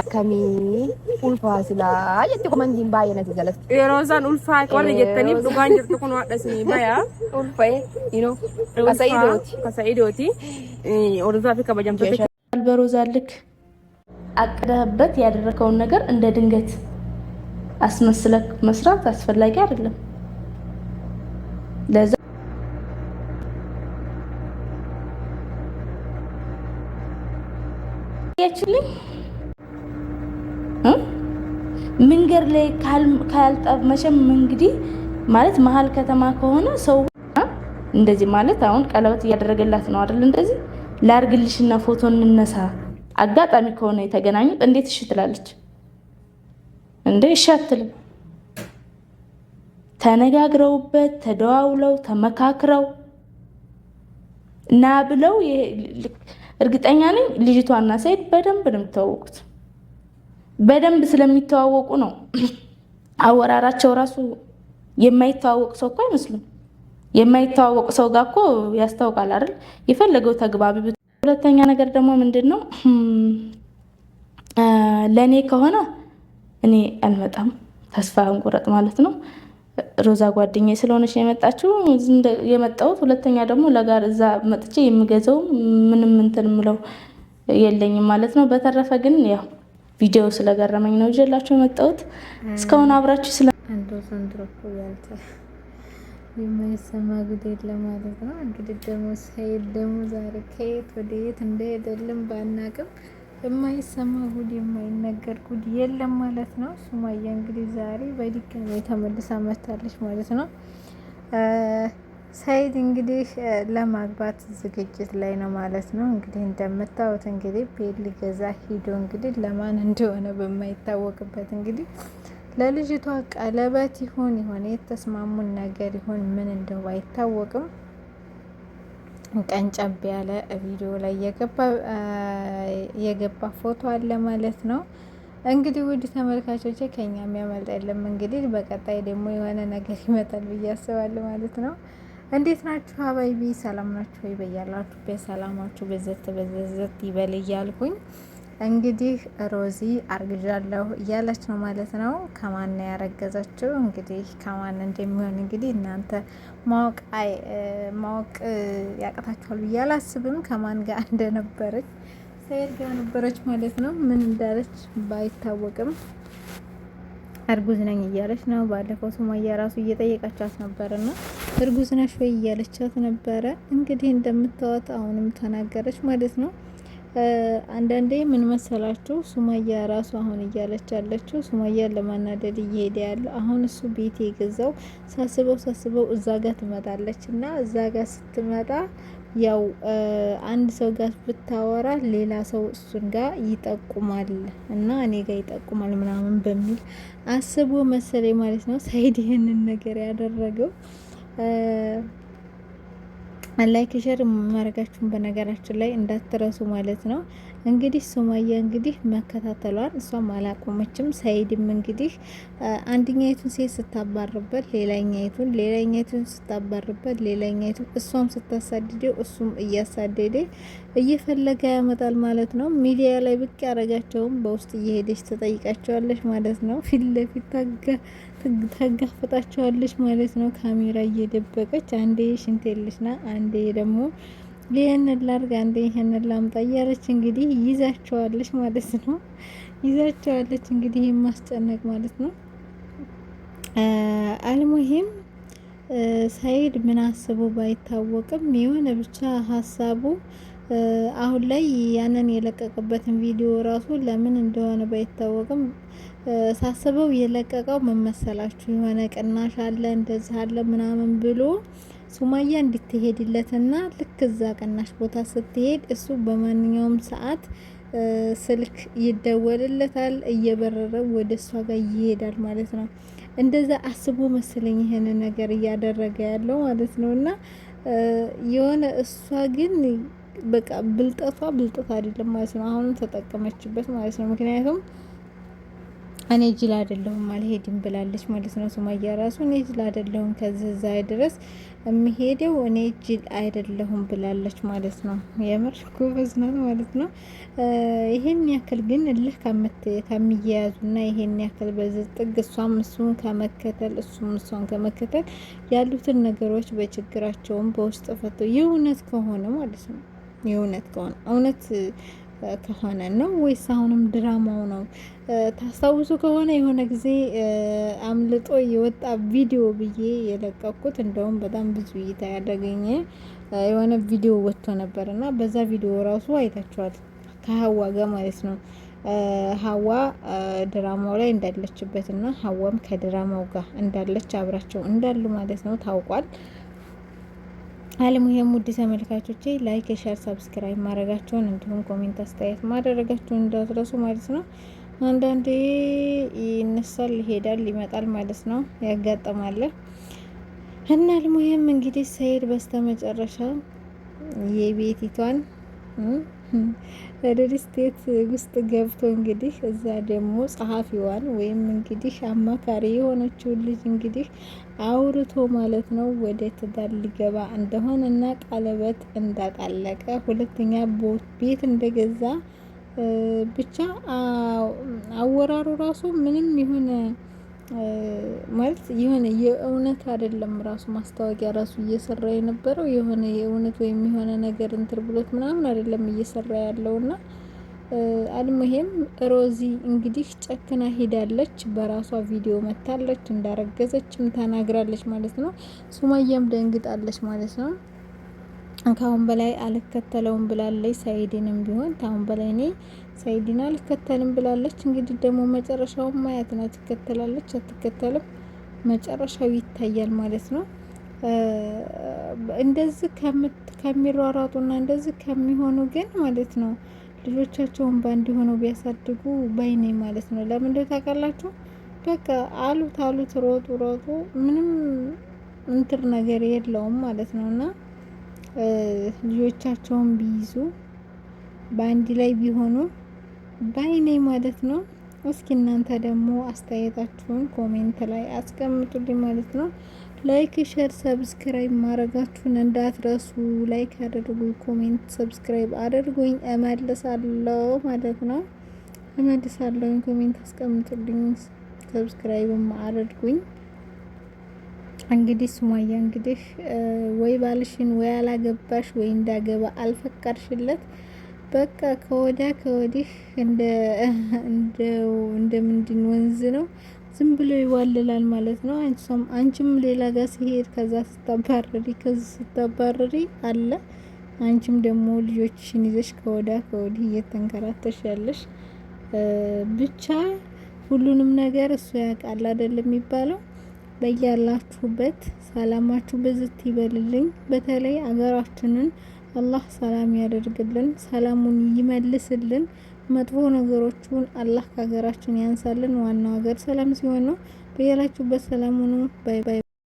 akkamii ulfaa silaa jetti komandiin baay'ee natti jalatti. Yeroo isaan ulfaa warra jettaniif dhugaan jirtu kun waadha isinii bayaa. Ulfa'e, you know, kasa'idooti. Kasa'idooti. Orzaaf kabajamtoota. አልበሮዛ ልክ አቅደህበት ያደረከውን ነገር እንደ ድንገት አስመስለክ መስራት አስፈላጊ አይደለም። ለዛ ያችልኝ መንገድ ላይ ካልጠብ መቼም እንግዲህ ማለት መሀል ከተማ ከሆነ ሰው እንደዚህ ማለት አሁን ቀለበት እያደረገላት ነው አይደል? እንደዚህ ላርግልሽና ፎቶ እንነሳ አጋጣሚ ከሆነ የተገናኙት እንዴት እሺ ትላለች እንደ እሺ አትልም። ተነጋግረውበት ተደዋውለው ተመካክረው እና ብለው እርግጠኛ ነኝ ልጅቷና ሰይድ በደንብ ነው የምታወቁት። በደንብ ስለሚተዋወቁ ነው። አወራራቸው ራሱ የማይተዋወቅ ሰው እኮ አይመስሉም። የማይተዋወቅ ሰው ጋር እኮ ያስታውቃል አይደል? የፈለገው ተግባቢ። ሁለተኛ ነገር ደግሞ ምንድን ነው ለእኔ ከሆነ እኔ አልመጣም፣ ተስፋ እንቁረጥ ማለት ነው። ሮዛ ጓደኛ ስለሆነች የመጣችው የመጣሁት። ሁለተኛ ደግሞ ለጋር እዛ መጥቼ የምገዛው ምንም እንትን ምለው የለኝም ማለት ነው። በተረፈ ግን ያው ቪዲዮ ስለገረመኝ ነው ይዤላችሁ የመጣሁት። እስካሁን አብራችሁ ስለ አንዱ ዘንድሮ እኮ ያልተ የማይሰማ ጉድ የለም ማለት ነው። እንግዲህ ደግሞ ሳይል ደግሞ ዛሬ ከየት ወደ የት እንደሄደልን ባናቅም የማይሰማ ጉድ የማይነገር ጉድ የለም ማለት ነው። ሱማያ እንግዲህ ዛሬ በድጋሚ ተመልሳ መታለች ማለት ነው። ሰኢድ እንግዲህ ለማግባት ዝግጅት ላይ ነው ማለት ነው። እንግዲህ እንደምታዩት እንግዲህ ቤት ሊገዛ ሂዶ እንግዲህ ለማን እንደሆነ በማይታወቅበት እንግዲህ ለልጅቷ ቀለበት ይሁን የሆነ የተስማሙን ነገር ይሁን ምን እንደው አይታወቅም። ቀንጨብ ያለ ቪዲዮ ላይ የገባ ፎቶ አለ ማለት ነው። እንግዲህ ውድ ተመልካቾች ከኛ የሚያመልጥ የለም። እንግዲህ በቀጣይ ደግሞ የሆነ ነገር ይመጣል ብዬ አስባለሁ ማለት ነው። እንዴት ናችሁ ሀባይቢ? ሰላም ናችሁ ወይ? በያላችሁ በሰላማችሁ በዘት በዘት ይበል እያልኩኝ እንግዲህ ሮዚ አርግዣለሁ እያለች ነው ማለት ነው። ከማን ያረገዘችው እንግዲህ ከማን እንደሚሆን እንግዲህ እናንተ ማወቅ ማወቅ ያቅታችኋል ብዬ አላስብም። ከማን ጋር እንደነበረች ሰይድ ጋር ነበረች ማለት ነው። ምን እንዳለች ባይታወቅም እርጉዝ ነኝ እያለች ነው። ባለፈው ሱማያ ራሱ እየጠየቀቻት ነበርና እርጉዝ ነሽ ወይ እያለቻት ነበረ። እንግዲህ እንደምታዋት አሁንም ተናገረች ማለት ነው። አንዳንዴ ምን መሰላችሁ ሱማያ ራሱ አሁን እያለች ያለችው ሱማያን ለማናደድ እየሄደ ያለው አሁን እሱ ቤት የገዛው ሳስበው ሳስበው እዛ ጋር ትመጣለች እና እዛ ጋር ስትመጣ ያው አንድ ሰው ጋር ብታወራ ሌላ ሰው እሱን ጋር ይጠቁማል እና እኔ ጋር ይጠቁማል ምናምን በሚል አስቦ መሰለኝ ማለት ነው ሳይድ ይህንን ነገር ያደረገው። ላይክ ሸር ማድረጋችሁን በነገራችን ላይ እንዳትረሱ ማለት ነው። እንግዲህ ሱማያ እንግዲህ መከታተሏን እሷም አላቆመችም። ሰይድም እንግዲህ አንድኛይቱን ሴት ስታባርበት ሌላኛይቱን፣ ሌላኛይቱን ስታባርበት ሌላኛይቱን፣ እሷም ስታሳድደው እሱም እያሳደደ እየፈለገ ያመጣል ማለት ነው። ሚዲያ ላይ ብቅ ያረጋቸውም በውስጥ እየሄደች ትጠይቃቸዋለች ማለት ነው። ፊት ለፊት ታጋፈጣቸዋለች ማለት ነው። ካሜራ እየደበቀች አንዴ ሽንቴልሽና አንዴ ደግሞ ይህንን ላርጋ እንደ ይህንን ላምጣ እያለች እንግዲህ ይዛቸዋለች ማለት ነው። ይዛቸዋለች እንግዲህ የማስጨነቅ ማለት ነው። አልሙሂም ሰይድ ምን አስቦ ባይታወቅም የሆነ ብቻ ሀሳቡ አሁን ላይ ያንን የለቀቀበትን ቪዲዮ ራሱ ለምን እንደሆነ ባይታወቅም ሳስበው የለቀቀው መመሰላችሁ የሆነ ቅናሽ አለ እንደዚህ አለ ምናምን ብሎ ሱማያ እንድትሄድለትና ልክ እዛ ቀናሽ ቦታ ስትሄድ እሱ በማንኛውም ሰዓት ስልክ ይደወልለታል። እየበረረ ወደ እሷ ጋር ይሄዳል ማለት ነው። እንደዛ አስቦ መሰለኝ ይህን ነገር እያደረገ ያለው ማለት ነው። እና የሆነ እሷ ግን በቃ ብልጠቷ ብልጠት አይደለም ማለት ነው። አሁንም ተጠቀመችበት ማለት ነው። ምክንያቱም እኔ ጅል አይደለሁም አልሄድም ብላለች ማለት ነው። ሱማያ ራሱ እኔ ጅል አይደለሁም ከዚህ እዛ ድረስ የሚሄደው እኔ ጅል አይደለሁም ብላለች ማለት ነው። የምር ጎበዝ ነው ማለት ነው። ይሄን ያክል ግን እልህ ከሚያያዙና ይሄን ያክል በዚህ ጥግ እሷም እሱን ከመከተል እሱም እሷን ከመከተል ያሉትን ነገሮች በችግራቸውም በውስጥ ፈቶ የእውነት ከሆነ ማለት ነው የእውነት ከሆነ እውነት ከሆነ ነው ወይስ አሁንም ድራማው ነው? ታስታውሱ ከሆነ የሆነ ጊዜ አምልጦ የወጣ ቪዲዮ ብዬ የለቀኩት እንደውም በጣም ብዙ እይታ ያደገኘ የሆነ ቪዲዮ ወጥቶ ነበር እና በዛ ቪዲዮ ራሱ አይታችኋል። ከሀዋ ጋር ማለት ነው ሀዋ ድራማው ላይ እንዳለችበት እና ሀዋም ከድራማው ጋር እንዳለች አብራቸው እንዳሉ ማለት ነው ታውቋል። አለሙሄም ውድ ተመልካቾቼ ላይክ፣ ሼር፣ ሰብስክራይብ ማድረጋቸውን እንዲሁም ኮሜንት አስተያየት ማድረጋቸውን እንዳትረሱ ማለት ነው። አንዳንዴ ይነሳል፣ ይሄዳል፣ ይመጣል ማለት ነው። ያጋጠማል እና አለሙሄም እንግዲህ ሰይድ በስተመጨረሻ የቤቲቷን ሪል ስቴት ውስጥ ገብቶ እንግዲህ እዛ ደግሞ ጸሐፊዋን ወይም እንግዲህ አማካሪ የሆነችውን ልጅ እንግዲህ አውርቶ ማለት ነው ወደ ትዳር ሊገባ እንደሆነ እና ቀለበት እንዳጣለቀ ሁለተኛ ቤት እንደገዛ ብቻ አወራሩ ራሱ ምንም ይሁን ማለት የሆነ የእውነት አይደለም ራሱ ማስታወቂያ ራሱ እየሰራ የነበረው የሆነ የእውነት ወይም የሆነ ነገር እንትር ብሎት ምናምን አይደለም እየሰራ ያለው እና አልሙሄም ሮዚ እንግዲህ ጨክና ሄዳለች። በራሷ ቪዲዮ መታለች፣ እንዳረገዘችም ተናግራለች ማለት ነው። ሱማያም ደንግጣለች ማለት ነው። ከአሁን በላይ አልከተለውም ብላለች። ሳይድንም ቢሆን ከአሁን በላይ እኔ ሳይድን አልከተልም ብላለች። እንግዲህ ደግሞ መጨረሻውን ማየት ነው። ትከተላለች አትከተልም፣ መጨረሻው ይታያል ማለት ነው። እንደዚህ ከሚሯሯጡና እንደዚህ ከሚሆኑ ግን ማለት ነው ልጆቻቸውን በአንድ ሆነው ቢያሳድጉ ባይኔ ማለት ነው። ለምን እንደ ታውቃላችሁ፣ በቃ አሉት አሉት ሮጡ ሮጡ ምንም እንትር ነገር የለውም ማለት ነው እና ልጆቻቸውን ቢይዙ በአንድ ላይ ቢሆኑ ባይኔ ማለት ነው። እስኪ እናንተ ደግሞ አስተያየታችሁን ኮሜንት ላይ አስቀምጡልኝ ማለት ነው። ላይክ፣ ሸር ሰብስክራይብ ማድረጋችሁን እንዳትረሱ። ላይክ አድርጉ፣ ኮሜንት፣ ሰብስክራይብ አድርጉኝ። እመልሳለሁ ማለት ነው። እመልሳለሁኝ። ኮሜንት አስቀምጡልኝ፣ ሰብስክራይብም አድርጉኝ። እንግዲህ ሱማያ እንግዲህ ወይ ባልሽን ወይ አላገባሽ ወይ እንዳገባ አልፈቀድሽለት በቃ ከወዲያ ከወዲህ እንደ እንደ ምንድን ወንዝ ነው ዝም ብሎ ይዋልላል ማለት ነው። አንቺም አንቺም ሌላ ጋር ሲሄድ ከዛ ስታባረሪ ከዚ ስታባረሪ አለ አንቺም ደግሞ ልጆችሽን ይዘሽ ከወዲያ ከወዲህ እየተንከራተሽ ያለሽ ብቻ ሁሉንም ነገር እሱ ያውቃል አይደለም የሚባለው በያላችሁበት ሰላማችሁ ብዝት ይበልልኝ። በተለይ አገራችንን አላህ ሰላም ያደርግልን፣ ሰላሙን ይመልስልን። መጥፎ ነገሮችን አላህ ከሀገራችን ያንሳልን። ዋናው ሀገር ሰላም ሲሆን ነው። በያላችሁበት ሰላም ሁኑ። ባይ ባይ።